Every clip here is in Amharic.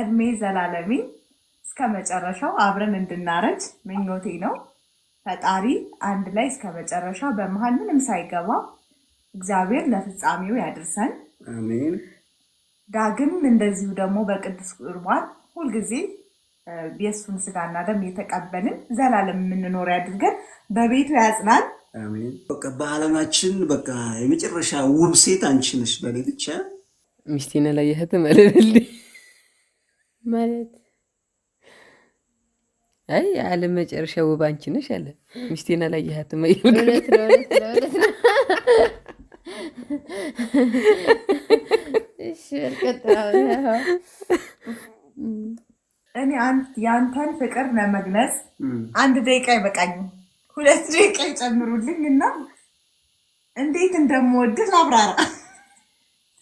እድሜ ዘላለሚ እስከ መጨረሻው አብረን እንድናረጅ ምኞቴ ነው። ፈጣሪ አንድ ላይ እስከ መጨረሻ በመሀል ምንም ሳይገባ እግዚአብሔር ለፍጻሜው ያድርሰን። አሜን። ዳግም እንደዚሁ ደግሞ በቅዱስ ቁርባን ሁልጊዜ የእሱን ስጋና ደም የተቀበልን ዘላለም የምንኖር ያድርገን፣ በቤቱ ያጽናል። በዓለማችን በቃ የመጨረሻ ውብ ሴት አንቺ ነሽ። በእኔ ብቻ ሚስቴን ላይ ማለት አይ የዓለም መጨረሻ ውብ አንቺ ነሽ አለ። ሚስቴን አላየሃትም? እውነት ነው እውነት ነው። እሺ እኔ የአንተን ፍቅር ለመግለጽ አንድ ደቂቃ አይበቃኝም። ሁለት ደቂቃ ይጨምሩልኝ እና እንዴት እንደምወድህ ላብራራ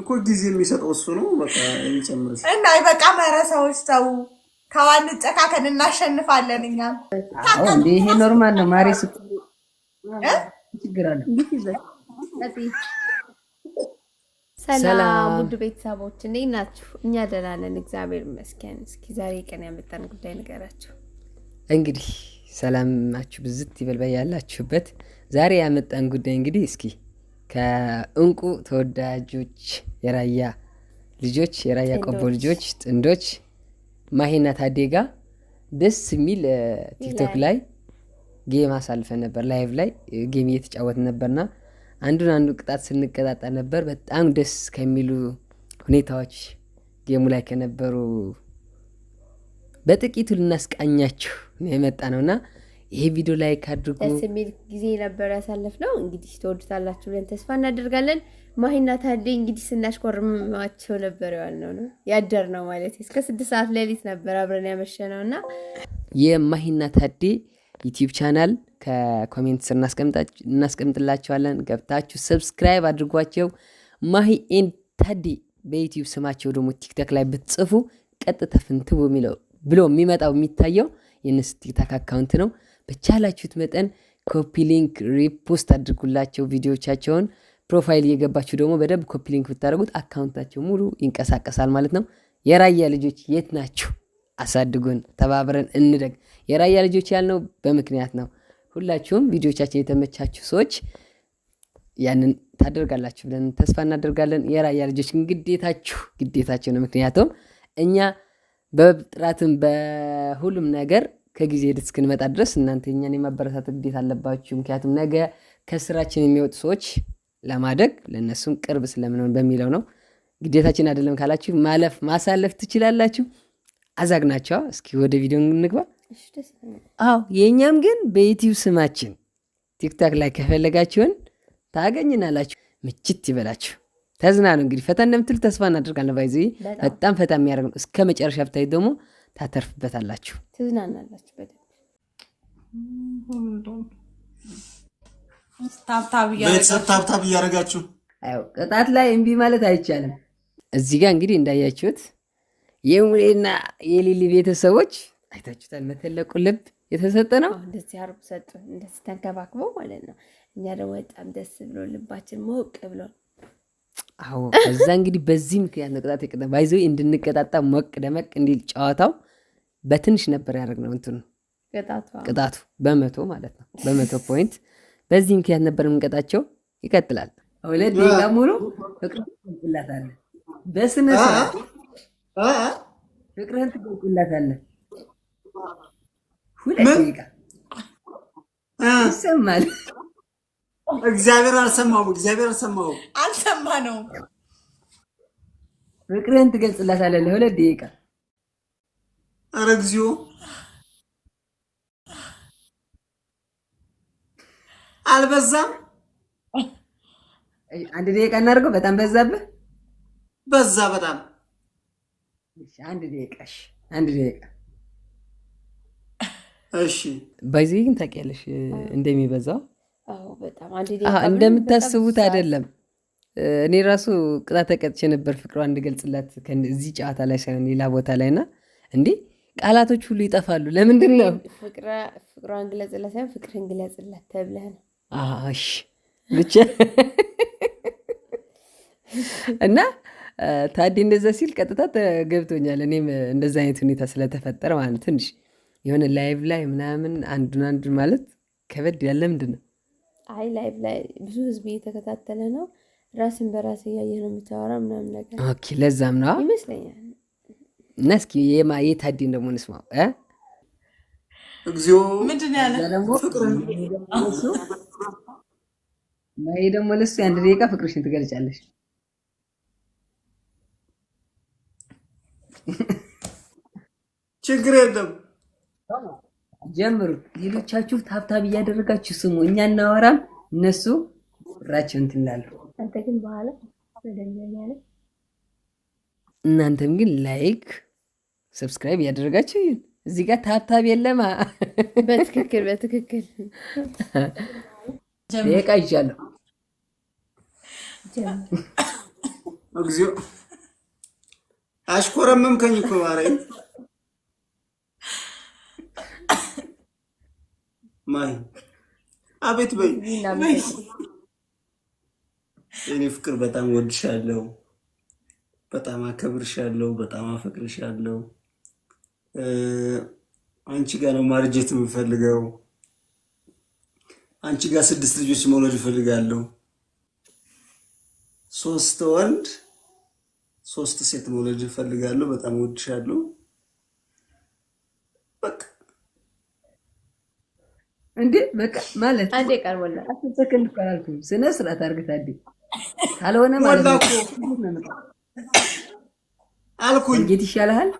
እኮ ጊዜ የሚሰጠው እሱ ነው። በቃ የሚጨምር እና በቃ መረሰዎች ሰው ከዋን ጨካከን እናሸንፋለን። እኛም ይሄ ኖርማል ነው። ማሬ ሰላም ውድ ቤተሰቦች እንዴት ናችሁ? እኛ ደህና ነን እግዚአብሔር ይመስገን። እስኪ ዛሬ ቀን ያመጣን ጉዳይ ንገራቸው። እንግዲህ ሰላም ናችሁ? ብዝት ይበልበል ያላችሁበት። ዛሬ ያመጣን ጉዳይ እንግዲህ እስኪ ከእንቁ ተወዳጆች የራያ ልጆች የራያ ቆቦ ልጆች ጥንዶች ማሂና ታዴ ጋ ደስ የሚል ቲክቶክ ላይ ጌም አሳልፈን ነበር። ላይቭ ላይ ጌም እየተጫወትን ነበርና አንዱን አንዱ ቅጣት ስንቀጣጣ ነበር። በጣም ደስ ከሚሉ ሁኔታዎች ጌሙ ላይ ከነበሩ በጥቂቱ ልናስቃኛችሁ የመጣ ነውና ይሄ ቪዲዮ ላይክ አድርጉ። ደስ የሚል ጊዜ ነበር ነው። እንግዲህ ተወዱታላችሁ ብለን ተስፋ እናደርጋለን። ማሂና ታዴ እንግዲህ ስናሽኮርማቸው ነበር የዋልነው ነው ነው ማለት እስከ ስድስት ሰዓት ሌሊት ነበር አብረን ያመሸነው እና የማሂና ታዴ ዩቲዩብ ቻናል ከኮሜንት ስር እናስቀምጥላቸዋለን። ገብታችሁ ሰብስክራይብ አድርጓቸው። ማሂ ኤንድ ታዴ በዩቲዩብ ስማቸው ደግሞ ቲክቶክ ላይ ብትጽፉ ቀጥታ ፍንትቡ ብሎ የሚመጣው የሚታየው የነሱ ቲክቶክ አካውንት ነው። በቻላችሁት መጠን ኮፒ ሊንክ ሪፖስት አድርጉላቸው ቪዲዮቻቸውን። ፕሮፋይል እየገባችሁ ደግሞ በደንብ ኮፒ ሊንክ ብታደርጉት አካውንታቸው ሙሉ ይንቀሳቀሳል ማለት ነው። የራያ ልጆች የት ናችሁ? አሳድጉን፣ ተባብረን እንደግ። የራያ ልጆች ያልነው በምክንያት ነው። ሁላችሁም ቪዲዮቻችን የተመቻችሁ ሰዎች ያንን ታደርጋላችሁ ብለን ተስፋ እናደርጋለን። የራያ ልጆች ግዴታችሁ ግዴታቸው ነው። ምክንያቱም እኛ በጥራትም በሁሉም ነገር ከጊዜ ሄድ እስክንመጣ ድረስ እናንተ እኛን የማበረታታት ግዴታ አለባችሁ። ምክንያቱም ነገ ከስራችን የሚወጡ ሰዎች ለማደግ ለእነሱም ቅርብ ስለምንሆን በሚለው ነው። ግዴታችን አይደለም ካላችሁ ማለፍ ማሳለፍ ትችላላችሁ። አዛግናቸዋ እስኪ ወደ ቪዲዮ እንግባ። አዎ የእኛም ግን በዩቲዩብ ስማችን ቲክታክ ላይ ከፈለጋችሁን ታገኝናላችሁ። ምችት ይበላችሁ። ተዝናኑ። እንግዲህ ፈታ እንደምትል ተስፋ እናደርጋለን። ባይዘ በጣም ፈታ የሚያደርግ ነው። እስከ መጨረሻ ብታይ ደግሞ ታተርፍበታላችሁ፣ ትዝናናላችሁ። ቤተሰብ ታብታብ እያደረጋችሁ ቅጣት ላይ እምቢ ማለት አይቻልም። እዚህ ጋር እንግዲህ እንዳያችሁት የሙሌና የሊሊ ቤተሰቦች አይታችሁታል። መተለቁ ልብ የተሰጠ ነው። እንደዚህ አርጉ ሰጡ፣ እንደዚህ ተንከባክቦ ማለት ነው። እኛ ደግሞ በጣም ደስ ብሎ ልባችን ሞቅ ብሎን አዎ ከዛ እንግዲህ በዚህ ምክንያት ነቅጣት ቅጣት ባይዘ እንድንቀጣጣ ሞቅ ደመቅ እንዲል ጨዋታው በትንሽ ነበር ያደረግነው እንትኑ ቅጣቱ በመቶ ማለት ነው በመቶ ፖይንት በዚህ ምክንያት ነበር የምንቀጣቸው። ይቀጥላል። ሁለት ደቂቃ ሙሉ ፍቅርህን ትገልጽላታለህ። በስነ ስርዓት ፍቅርህን ትገልጽላታለህ። ሁለት ደቂቃ ይሰማል። እግዚአብሔር አልሰማሁም። እግዚአብሔር አልሰማሁም። አልሰማ ነው። ፍቅርህን ትገልጽላታለህ ለሁለት ደቂቃ። ኧረ እግዚኦ! አልበዛም? አንድ ደቂቃ እናድርገው። በጣም በዛብህ። በዛ በጣም። አንድ ደቂቃ። እሺ፣ አንድ ደቂቃ። እሺ። ባይዘይን ታውቂያለሽ እንደሚበዛው እንደምታስቡት አይደለም። እኔ ራሱ ቅጣት ተቀጥቼ ነበር ፍቅሯ እንድገልጽላት እዚህ ጨዋታ ላይ ሳይሆን ሌላ ቦታ ላይ እና እንዴ ቃላቶች ሁሉ ይጠፋሉ። ለምንድን ነው ፍቅሯን ግለጽላት ሳይሆን ፍቅርን ግለጽላት ተብለህ ነው? ብቻ እና ታዲ እንደዛ ሲል ቀጥታ ተገብቶኛል። እኔም እንደዚ አይነት ሁኔታ ስለተፈጠረ ማለት ትንሽ የሆነ ላይቭ ላይ ምናምን አንዱን አንዱን ማለት ከበድ ያለ ምንድን ነው አይ ላይቭ ላይ ብዙ ህዝብ እየተከታተለ ነው፣ ራስን በራስ እያየ ነው የምታወራ ምናምን ነገር ኦኬ። ለዛም ነው ይመስለኛል። እና እስኪ የታዲ ደግሞ እንስማው። እግዚኦ ምንድን ያለ ይሄ ደግሞ ለሱ የአንድ ደቂቃ ፍቅርሽን ትገልጫለሽ። ችግር የለም ጀምሩ። ሌሎቻችሁ ታብታብ እያደረጋችሁ ስሙ። እኛ እናወራም፣ እነሱ ራቸው እንትን ይላሉ። እናንተም ግን ላይክ፣ ሰብስክራይብ እያደረጋችሁ ይሁን። እዚህ ጋር ታብታብ የለማ። በትክክል በትክክል ቃ ይዣለሁ። እግዚኦ አሽኮረመምከኝ እኮ ማርያም ማይ አቤት በይ የኔ ፍቅር በጣም ወድሻለሁ፣ በጣም አከብርሻለሁ፣ በጣም አፈቅርሻለሁ። አንቺ ጋር ነው ማርጀት የምፈልገው። አንቺ ጋር ስድስት ልጆች መውለድ እፈልጋለሁ። ሶስት ወንድ ሶስት ሴት መውለድ እፈልጋለሁ። በጣም ወድሻለሁ። እንዴ በቃ ማለት አንዴ ቀርቦላ አስር ሰከንድ እኮ አላልኩም። ስነ ስርዓት አድርገህ አንዴ ካልሆነ ማለት አልኩኝ። እንዴት ይሻልሃል?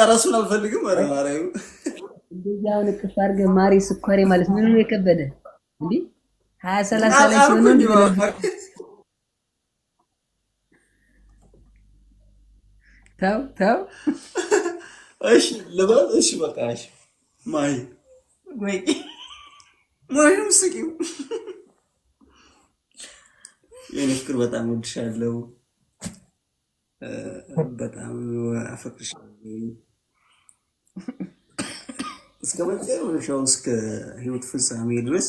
ኧረ አልፈልግም። ኧረ ማርያም እንደዚህ አሁን እቅፍ አድርገህ ማሬ ስኳሬ ማለት ምንም የከበደ እንዴ ሀያ ሰላሳ ላይ ሲሆን ተው ተው። እሺ ልበል። እሺ በቃ እሺ። ማይ ወይ ማይም ስቂው። የኔ ፍቅር በጣም ወድሻለሁ፣ በጣም አፈቅርሻለሁ። እስከ መጨረሻው እስከ ህይወት ፍጻሜ ድረስ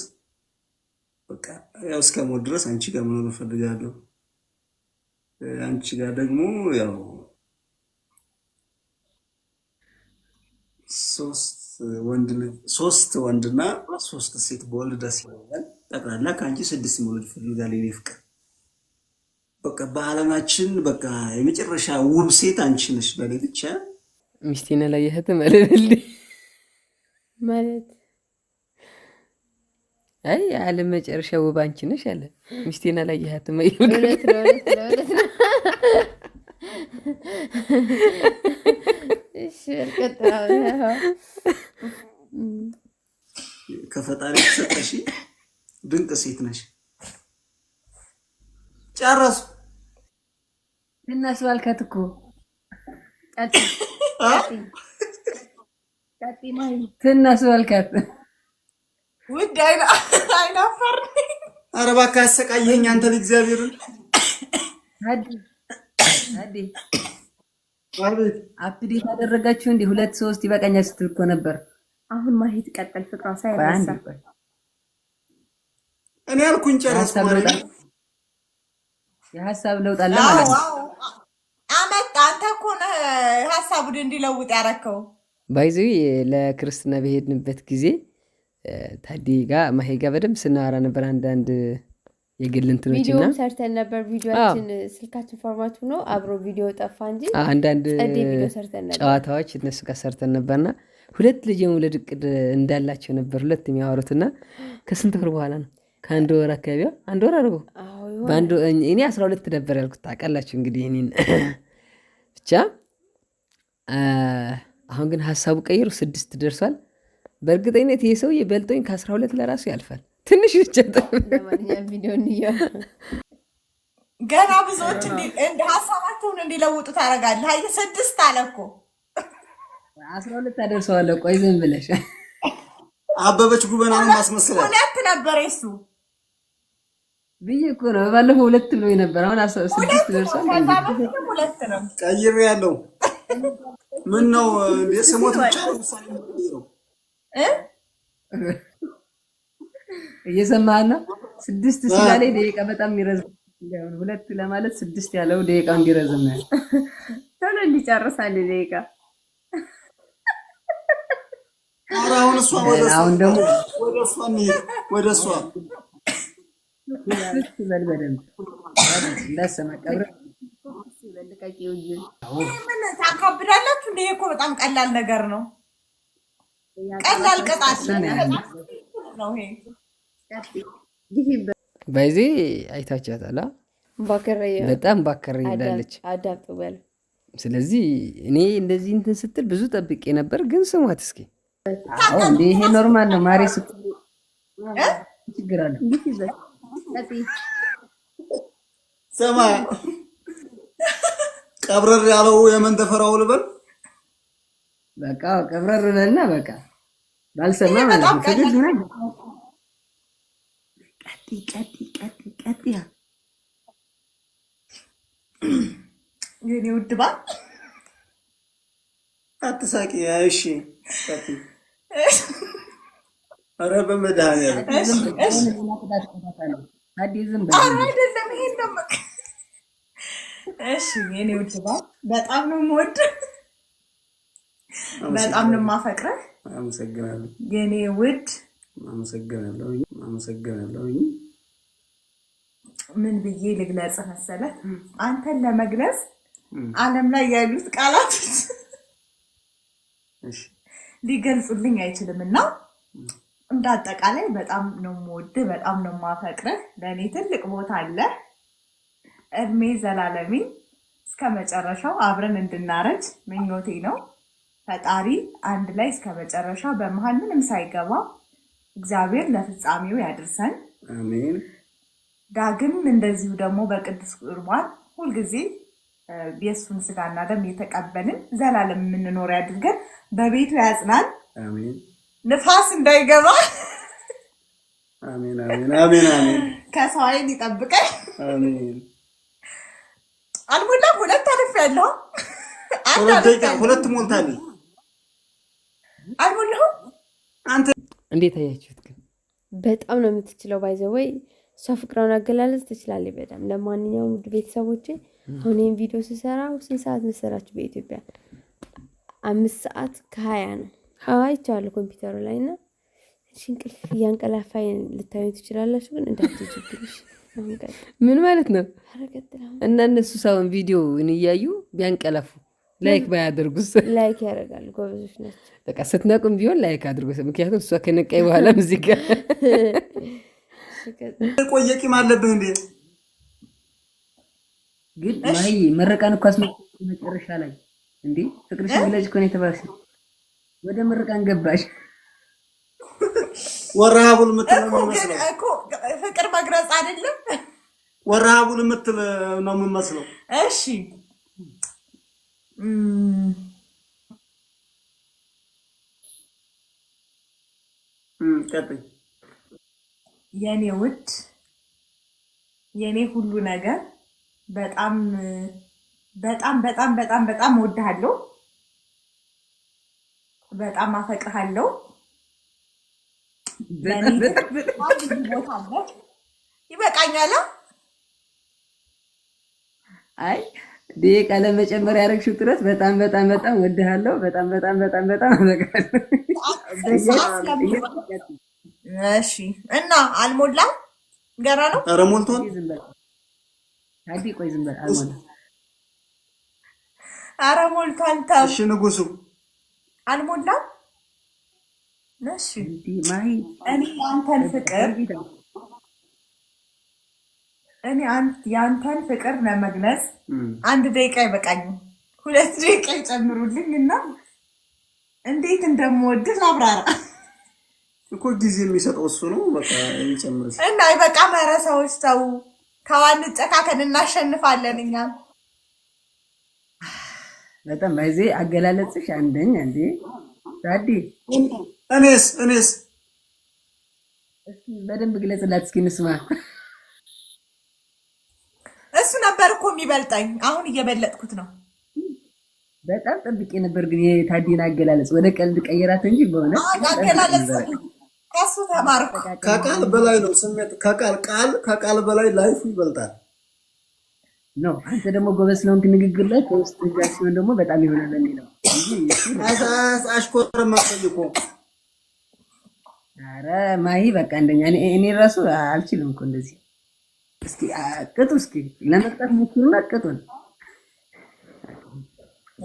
በቃ ያው እስከ ሞት ድረስ አንቺ ጋር መኖር እፈልጋለሁ። አንቺ ጋር ደግሞ ያው ሶስት ወንድ ሶስት ወንድና ሶስት ሴት በወልድ ደስ ይለኛል። ጠቅላላ ከአንቺ ስድስት መውለድ ፈልጋል የኔ ፍቅር። በቃ በዓለማችን በቃ የመጨረሻ ውብ ሴት አንቺ ነሽ። በእኔ ብቻ ሚስቴን አላየህት መልልልኝ ማለት አይ የዓለም መጨረሻ ውብ አንቺ ነሽ አለ። ሚስቴን አላየህት መይሁለት ከፈጣሪ ተሰጠሽ። ድንቅ ሴት ነሽ። ጨረሱ። እነሱ አልከት እኮ ትነሱ ውድ አይናፈር ኧረ እባክህ አሰቃየኝ አንተ ለእግዚአብሔርን አፕዴት አደረጋችሁ እንዲ ሁለት ሶስት ይበቃኛል ስትል እኮ ነበር። አሁን ማሂት ቀጠል ፍቅሯ ሳይረሳ እኔ አልኩኝ ጨረስኩ ማለት ነው። የሀሳብ ለውጥ አለ ማለት አመጣ አንተ እኮ ነህ ሀሳቡን እንዲለውጥ ያረከው። ባይዘዊ ለክርስትና በሄድንበት ጊዜ ታዴ ጋ ማሄ ጋ በደንብ ስናወራ ነበር አንዳንድ የግል እንትኖች እና ሰርተን ነበር። ቪዲዮችን ስልካችን ፎርማት ሆኖ አብሮ ቪዲዮ ጠፋ እንጂ አንዳንድ ጨዋታዎች እነሱ ጋር ሰርተን ነበርና ሁለት ልጅ የመውለድ እቅድ እንዳላቸው ነበር። ሁለት የሚያወሩትና ከስንት ወር በኋላ ነው? ከአንድ ወር አካባቢ አንድ ወር አድርጎ እኔ አስራ ሁለት ነበር ያልኩት ታውቃላችሁ እንግዲህ እኔን ብቻ። አሁን ግን ሀሳቡ ቀይሩ ስድስት ደርሷል። በእርግጠኝነት ይህ ሰውዬ በልጦኝ ከአስራ ሁለት ለራሱ ያልፋል ትንሽ ገና ብዙዎች እንደ ሀሳባቸውን እንዲለውጡ ታደርጋለህ። አየህ ስድስት አለ እኮ አስራ ሁለት ታደርሰዋለህ። ቆይ ዝም ብለሽ አበበች ጉበና ነው ማስመስላል። ሁለት ነበር የሱ ብዬ እኮ ነው ባለፈው ሁለት ብሎ ነበር። አሁን ስድስት ደርሷል። ሁለት ቀይሬ ያለው ምን ነው ስሞት ብቻ ነው ነው እየሰማህ ነው። ስድስት ስላለ ደቂቃ በጣም የሚረዝም ሁለት ለማለት ስድስት ያለው ደቂቃ እንዲረዝም ቶሎ እንዲጨርሳል ደቂቃ። አሁን ደግሞ ወደ እሷ በል በደምብ እንዳሰማቀብረ ምን ታካብዳላችሁ? እንደ እኮ በጣም ቀላል ነገር ነው። ቀላል ቅጣት ነው ይሄ ባይዜ አይታችኋታል። በጣም ባከረ ሄዳለች። ስለዚህ እኔ እንደዚህ እንትን ስትል ብዙ ጠብቄ ነበር፣ ግን ስሟት እስኪ ይሄ ኖርማል ነው። ማሬ ስትል ስማ ቀብረር ያለው የመንተፈራው ልበል በቃ ቀብረር ነና በቃ ባልሰማ ማለት ነው ቀጢ ቀጢ ቀጢ ቀጢ የኔ ውድ ባል አትሳቂ። እሺ ኧረ በመድኃኒዓለም አይደለም። ይሄን እሺ። የኔ ውድ ባል በጣም ነው የምወድህ፣ በጣም ነው የማፈቅረህ። አመሰግናለሁ የኔ ውድ አመሰግናለሁ። አመሰግናለሁ። ምን ብዬ ልግለጽ መሰለ አንተን ለመግለጽ ዓለም ላይ ያሉት ቃላት ሊገልጹልኝ አይችልም እና እንዳጠቃላይ አጠቃላይ በጣም ነው የምወድህ፣ በጣም ነው የማፈቅርህ። ለእኔ ትልቅ ቦታ አለ። እድሜ ዘላለሚ እስከ መጨረሻው አብረን እንድናረጅ ምኞቴ ነው። ፈጣሪ አንድ ላይ እስከ መጨረሻ በመሀል ምንም ሳይገባ እግዚአብሔር ለፍጻሜው ያድርሰን። አሜን። ዳግም እንደዚሁ ደግሞ በቅዱስ ቁርባን ሁልጊዜ የእሱን ስጋና ደም የተቀበልን ዘላለም የምንኖር ያድርገን። በቤቱ አሜን። ንፋስ እንዳይገባ ከሰው ዓይን ይጠብቀን። አልሞላም። ሁለት አልፍ ያለሁ ሁለት ሞልታል። አልሞላሁም እንዴት አያችሁት ግን? በጣም ነው የምትችለው። ወይ እሷ ፍቅራውን አገላለጽ ትችላለች በጣም። ለማንኛውም ቤተሰቦች አሁን ይህን ቪዲዮ ስሰራ ስንት ሰዓት መሰራችሁ? በኢትዮጵያ አምስት ሰዓት ከሀያ ነው። ሀያ ይቻዋለሁ ኮምፒውተሩ ላይ እና እንቅልፍ እያንቀላፋይ ልታዩ ትችላላችሁ፣ ግን እንዳትጅብሽ ምን ማለት ነው እና እነሱ ሰውን ቪዲዮ እያዩ ቢያንቀላፉ ላይክ ባያደርጉስ? ላይክ ያደርጋሉ። ጎበዞች ናቸው። በቃ ስትነቁም ቢሆን ላይክ አድርጉ። ምክንያቱም እሷ ከነቃይ በኋላ እዚህ ጋር ቆየ ቂም አለብህ እንዴ? ግን ማይ መረቃን እኮ አስመ መጨረሻ ላይ እንዴ ፍቅርሽ ግለጭ እኮ ነው የተባለሽ። ወደ መረቃን ገባሽ ወረሃቡን ምትል ነው የምመስለው። ፍቅር መግለጽ አይደለም ወረሃቡል ምትል ነው የምመስለው። እሺ የኔ ውድ የኔ ሁሉ ነገር በጣም በጣም በጣም በጣም በጣም እወድሃለሁ። በጣም አፈቅርሃለሁ። ቦታ ይበቃኛል። አይ ይህ ቀለም መጨመር ያደረግሽው ጥረት በጣም በጣም በጣም ወድሃለሁ። በጣም በጣም በጣም በጣም እሺ። እና አልሞላም ገና ነው። ኧረ ሞልቷል። ቆይ ዝም በል አልሞላም። ኧረ ሞልቷል። ታ እሺ፣ ንጉሱ አልሞላም። እሺ፣ እኔ አንተን ፍቅር እኔ የአንተን ፍቅር ለመግለጽ አንድ ደቂቃ አይበቃኝም። ሁለት ደቂቃ ይጨምሩልኝ እና እንዴት እንደምወድህ ላብራራ እኮ ጊዜ የሚሰጠው እሱ ነው። በቃ ይጨምርልኝ እና ይበቃ መረ ሰዎች ተው ከዋን ጨካከን እናሸንፋለን። እኛም በጣም አይዜ አገላለጽሽ አንደኛ እንዴ ዳዲ እኔስ እኔስ በደንብ ግለጽላት እስኪ እንስማ። ነበር እኮ የሚበልጠኝ። አሁን እየበለጥኩት ነው። በጣም ጠብቄ ነበር ግን የታዲን አገላለጽ ወደ ቀልድ ቀየራት እንጂ በሆነ አገላለጽ ከሱ ተማርኩ። ከቃል በላይ ነው ስሜት ከቃል ቃል ከቃል በላይ ላይፉ ይበልጣል ነው። አንተ ደግሞ ጎበዝ ስለሆንክ ንግግር ላይ ከውስጥ እዛ ሲሆን ደግሞ በጣም ይሆናል ነው አሽኮር ማፈልኮ አረ ማሂ በቃ እንደኛ እኔ ራሱ አልችልም እኮ እንደዚህ እስኪ ቅጡ እስኪ ለመቅጣት ሞክሩን ቅጡን።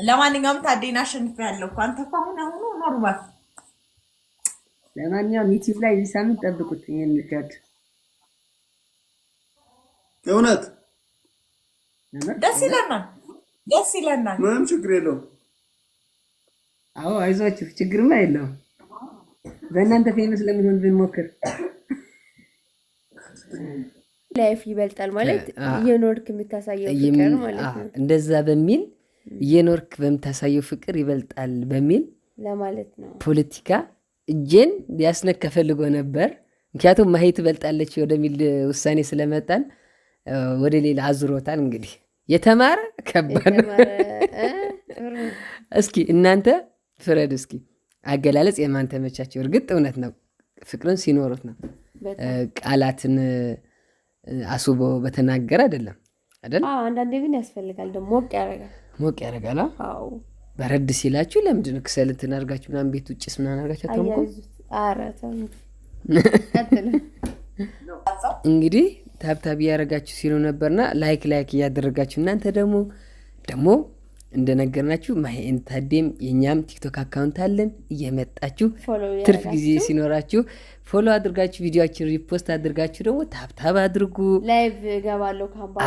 ለማንኛውም ታዴን አሸንፊያለሁ እኮ አንተ እኮ አሁን አሁኑ ኖርማል። ለማንኛውም ዩቲዩብ ላይ እዚህ ጠብቁት። ይሄን ልጋድ እውነት ደስ ይለናል፣ ደስ ይለናል። ምንም ችግር የለውም። አዎ አይዟችሁ፣ ችግርማ የለውም። በእናንተ ፌመስ ለምንሆን ብንሞክር ላይፍ ይበልጣል ማለት እየኖርክ የምታሳየው ፍቅር ማለት ነው። እንደዛ በሚል እየኖርክ በምታሳየው ፍቅር ይበልጣል በሚል ለማለት ነው። ፖለቲካ እጄን ሊያስነካ ፈልጎ ነበር። ምክንያቱም ማሄ ትበልጣለች ወደሚል ውሳኔ ስለመጣን ወደ ሌላ አዙሮታል። እንግዲህ የተማረ ከባድ ነው። እስኪ እናንተ ፍረድ። እስኪ አገላለጽ የማን ተመቻቸው? እርግጥ እውነት ነው፣ ፍቅርን ሲኖሩት ነው ቃላትን አስቦ በተናገረ አይደለም አይደል? አንዳንዴ ግን ያስፈልጋል ደግሞ ሞቅ ያደርጋል ሞቅ ያደርጋል። በረድ ሲላችሁ ለምንድን ነው ክሰል እንትን አድርጋችሁ ምናምን ቤት ውጭ ምናምን አድርጋችሁ እንግዲህ ታብታብ እያደረጋችሁ ሲሉ ነበርና ላይክ ላይክ እያደረጋችሁ እናንተ ደግሞ ደግሞ እንደነገርናችሁ ማሂ ኤንድ ታዴም የእኛም ቲክቶክ አካውንት አለን። እየመጣችሁ ትርፍ ጊዜ ሲኖራችሁ ፎሎ አድርጋችሁ ቪዲዮችን ሪፖስት አድርጋችሁ ደግሞ ታብታብ አድርጉ።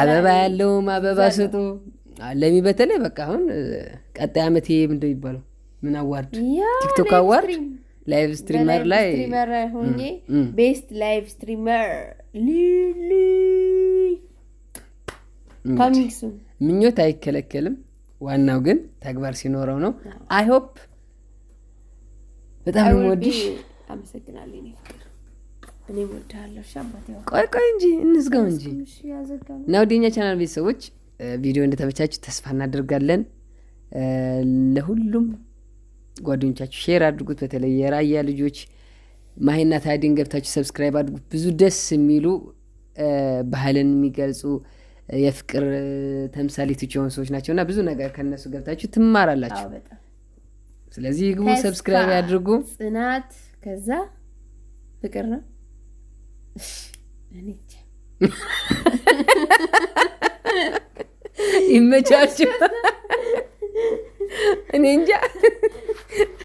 አበባ ያለውም አበባ ስጡ። ለሚ በተለይ በቃ አሁን ቀጣይ ዓመት ይሄ ምንድ ይባለው ምን አዋርድ ቲክቶክ አዋርድ ላይቭ ስትሪመር ላይ ቤስት ላይቭ ስትሪመር ምኞት አይከለከልም። ዋናው ግን ተግባር ሲኖረው ነው። አይሆፕ በጣም ወድሽ። አመሰግናለሁ። ቆይ ቆይ እንጂ እንዝጋው እንጂ እና ወደኛ ቻናል ቤተሰቦች ቪዲዮ እንደተመቻችሁ ተስፋ እናደርጋለን። ለሁሉም ጓደኞቻችሁ ሼር አድርጉት። በተለይ የራያ ልጆች ማሂና ታዲን ገብታችሁ ሰብስክራይብ አድርጉት። ብዙ ደስ የሚሉ ባህልን የሚገልጹ የፍቅር ተምሳሌቶች የሆኑ ሰዎች ናቸው እና ብዙ ነገር ከነሱ ገብታችሁ ትማራላችሁ። ስለዚህ ግቡ፣ ሰብስክራይብ ያድርጉ። ጽናት ከዛ ፍቅር ነው። ይመቻችሁ። እኔ እንጃ